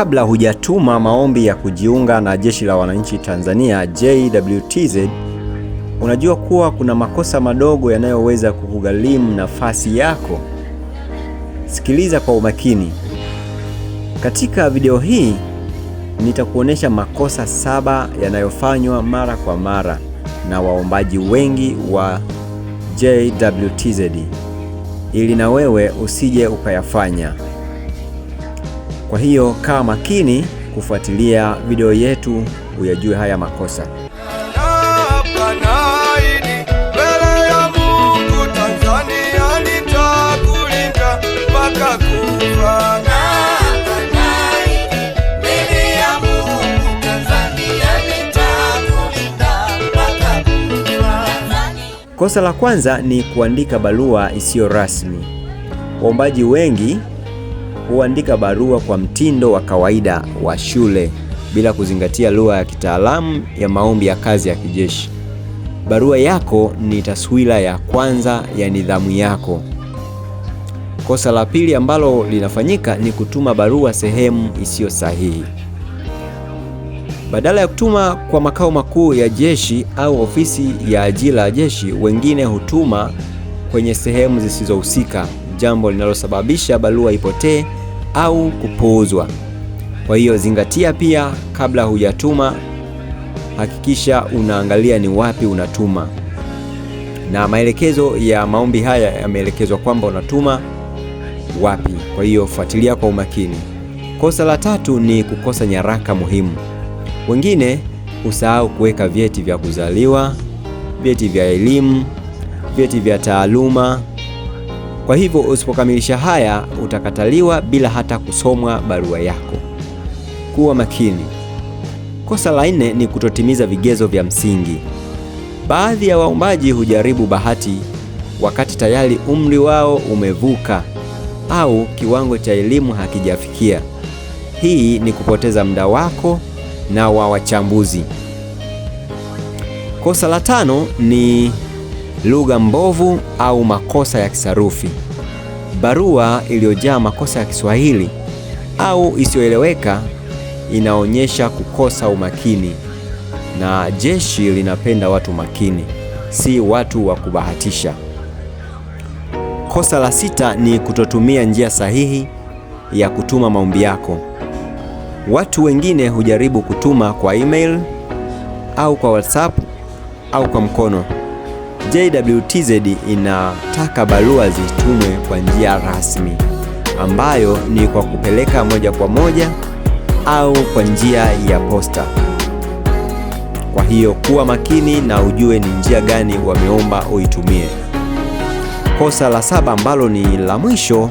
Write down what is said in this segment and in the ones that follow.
Kabla hujatuma maombi ya kujiunga na Jeshi la Wananchi Tanzania JWTZ, unajua kuwa kuna makosa madogo yanayoweza kukugharimu nafasi yako. Sikiliza kwa umakini. Katika video hii nitakuonesha makosa saba yanayofanywa mara kwa mara na waombaji wengi wa JWTZ ili na wewe usije ukayafanya. Kwa hiyo kawa makini kufuatilia video yetu uyajue haya makosa. Kosa la kwanza ni kuandika barua isiyo rasmi. Waombaji wengi huandika barua kwa mtindo wa kawaida wa shule bila kuzingatia lugha ya kitaalamu ya maombi ya kazi ya kijeshi. Barua yako ni taswira ya kwanza ya nidhamu yako. Kosa la pili ambalo linafanyika ni kutuma barua sehemu isiyo sahihi. Badala ya kutuma kwa makao makuu ya jeshi au ofisi ya ajira ya jeshi, wengine hutuma kwenye sehemu zisizohusika, jambo linalosababisha barua ipotee au kupuuzwa. Kwa hiyo zingatia pia, kabla hujatuma hakikisha unaangalia ni wapi unatuma. Na maelekezo ya maombi haya yameelekezwa kwamba unatuma wapi, kwa hiyo fuatilia kwa umakini. Kosa la tatu ni kukosa nyaraka muhimu. Wengine husahau kuweka vyeti vya kuzaliwa, vyeti vya elimu, vyeti vya taaluma kwa hivyo usipokamilisha haya utakataliwa bila hata kusomwa barua yako. Kuwa makini. Kosa la nne ni kutotimiza vigezo vya msingi. Baadhi ya waombaji hujaribu bahati wakati tayari umri wao umevuka au kiwango cha elimu hakijafikia. Hii ni kupoteza muda wako na wa wachambuzi. Kosa la tano ni lugha mbovu au makosa ya kisarufi, barua iliyojaa makosa ya Kiswahili au isiyoeleweka inaonyesha kukosa umakini, na jeshi linapenda watu makini, si watu wa kubahatisha. Kosa la sita ni kutotumia njia sahihi ya kutuma maombi yako. Watu wengine hujaribu kutuma kwa email au kwa WhatsApp au kwa mkono JWTZ inataka barua zitumwe kwa njia rasmi ambayo ni kwa kupeleka moja kwa moja au kwa njia ya posta. Kwa hiyo kuwa makini na ujue ni njia gani wameomba uitumie. Kosa la saba ambalo ni la mwisho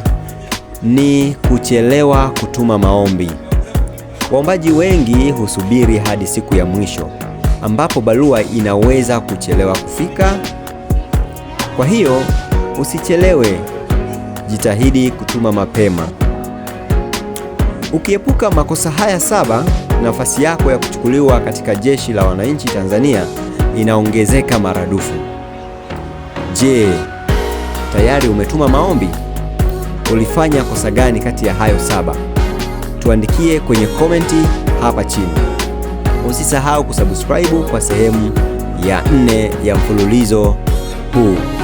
ni kuchelewa kutuma maombi. Waombaji wengi husubiri hadi siku ya mwisho ambapo barua inaweza kuchelewa kufika kwa hiyo usichelewe, jitahidi kutuma mapema. Ukiepuka makosa haya saba, nafasi yako ya kuchukuliwa katika jeshi la wananchi Tanzania inaongezeka maradufu. Je, tayari umetuma maombi? Ulifanya kosa gani kati ya hayo saba? Tuandikie kwenye komenti hapa chini. Usisahau kusubscribe kwa sehemu ya nne ya mfululizo huu.